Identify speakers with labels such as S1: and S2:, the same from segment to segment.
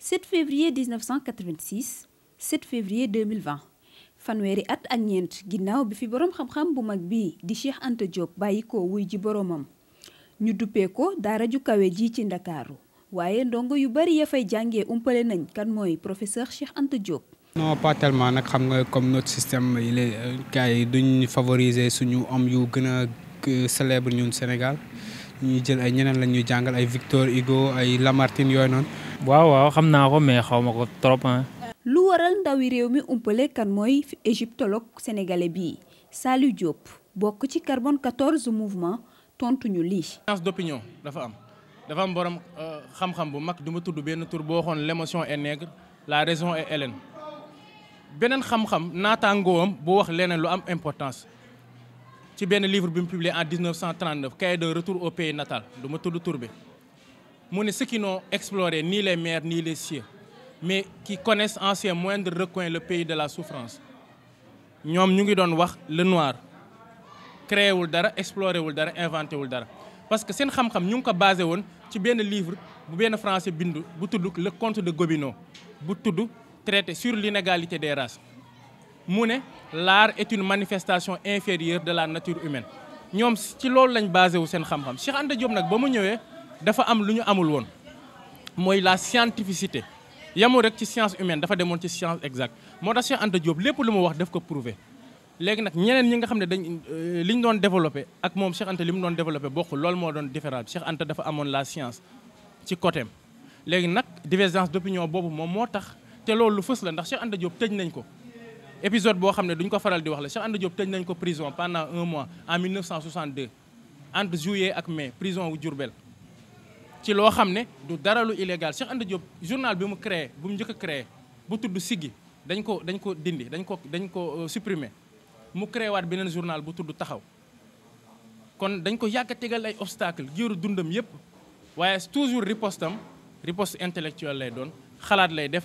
S1: 7 février 1986 7 février 2020 fanweeri at ak ñeent ginnaaw bi fi boroom xam-xam bu mag bii di Cheikh Anta Diop bàyyi ko wuy ji boroomam ñu duppee ko daara ju kawe ji ci ndakaaru waaye ndongo yu bari ya fay jànge umpale nañ kan mooy professeur Cheikh Anta Diop.
S2: non pas tellement comme notre système il est euh, gars duñ favoriser suñu yu euh, Sénégal jël Victor Hugo Lamartine mais trop
S1: égyptologue sénégalais Diop carbone 14 mouvement tontu ñu li.
S2: Chance d'opinion dafa am dafa am borom euh, xam-xam bu l'émotion est nègre la raison est hélène benen xam-xam naataangoowam bu wax leneen lu am importance ci benn livre bi publié en 1939 cahier de retour au pays natal du ma tudd tur bi ceux qui n'ont exploré ni les mers ni les cieux mais qui connaissent anciens moindres recoins le pays de la souffrance ñoom ñu ngi doon wax le noir créé wul dara exploré wul dara inventé wul dara parce que seen xam-xam ñu ngi ko basé woon ci benn livre bu benn français bindu bu tudd le conte de Gobineau bu traité sur l'inégalité des races l'art est une manifestation inférieure de la nature humaine Nous sommes basés sur ce que nous xam Cheikh Anta Diop fait ce que la scientificité science humaine dafa a science exacte Cheikh Anta Diop prouver euh, développé Cheikh Anta développé Cheikh la science divergence d'opinion te loolu lu fës la ndax Cheikh Anta Diop tëj nañ ko épisode boo xam ne duñ ko faral di wax la Cheikh Anta Diop tëj nañ ko prison pendant un mois en 1962 entre juillet ak mais prison wu Diourbel ci loo xam ne du dara lu illégal Cheikh Anta Diop journal bi mu créé bu mu njëkk a bu tudd Siggi dañ ko dañ ko dindi dañ ko dañ ko euh, supprimer mu créé waat beneen journal bu tudd Taxaw kon dañ ko yàkk tegal ay obstacle géeru dundam yépp waaye toujours ripostam riposte intellectuelle lay doon xalaat lay def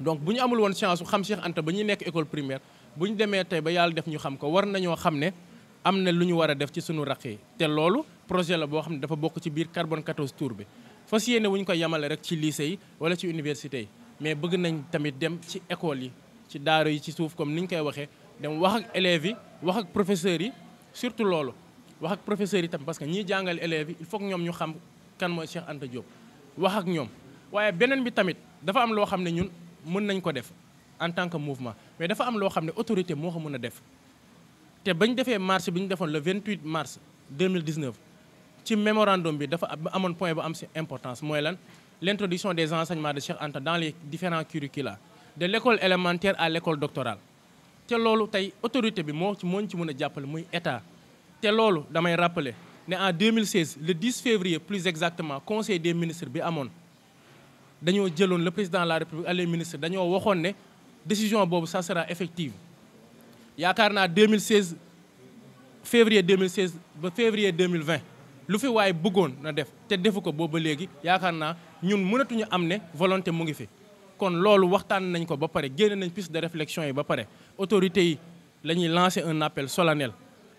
S2: donc bu ñu amul woon chance xam Cheikh Anta ba ñuy nekk école primaire bu ñu demee tey ba yàlla def ñu xam ko war nañoo xam ne am na lu ñu war a def ci suñu rax yi te loolu projet la boo xam ne dafa bokk ci biir carbon 14 tour bi fas yéene wu ñu ko yemale rek ci lycée yi wala ci université yi mais bëgg nañ tamit dem ci école yi ci daara yi ci suuf comme ni ñu koy waxee dem wax ak élèves yi wax ak professeurs yi surtout loolu wax ak professeurs yi tam que ñiy jàngal élèves il faut que ñoom ñu xam mooy Cheikh Anta Diop wax ak ñoom mën nañ ko def en tant que mouvement mais dafa am loo xam autorité moo ko def le 28 mars 2019 ci mémorandum bi dafa amoon point bu am si importance mooy l'introduction des enseignements de Cheikh Anta dans les différents curricula de l'école élémentaire à l'école doctorale C'est ce que autorité bi moo ci ci mën muy état damay en 2016 le 10 février plus exactement conseil des ministres bi amoon Daniel jëloon le président de la république les ministres décision sera effective yaakaar 2016 février 2016 février 2020 lu fi waaye bëggoon na def volonté ngi fi. kon loolu waxtaan piste de réflexion ba lancer un appel solennel.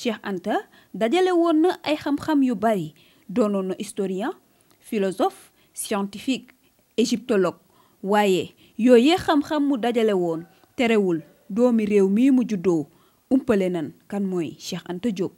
S1: Cheikh Anta dajale woon na ay xam-xam yu bari doonoon na historien philosophe scientifique égyptologue waaye yooyee xam-xam mu dajale woon terewul doomi réew mii mu juddoo umpale nan kan mooy Cheikh Anta Diop.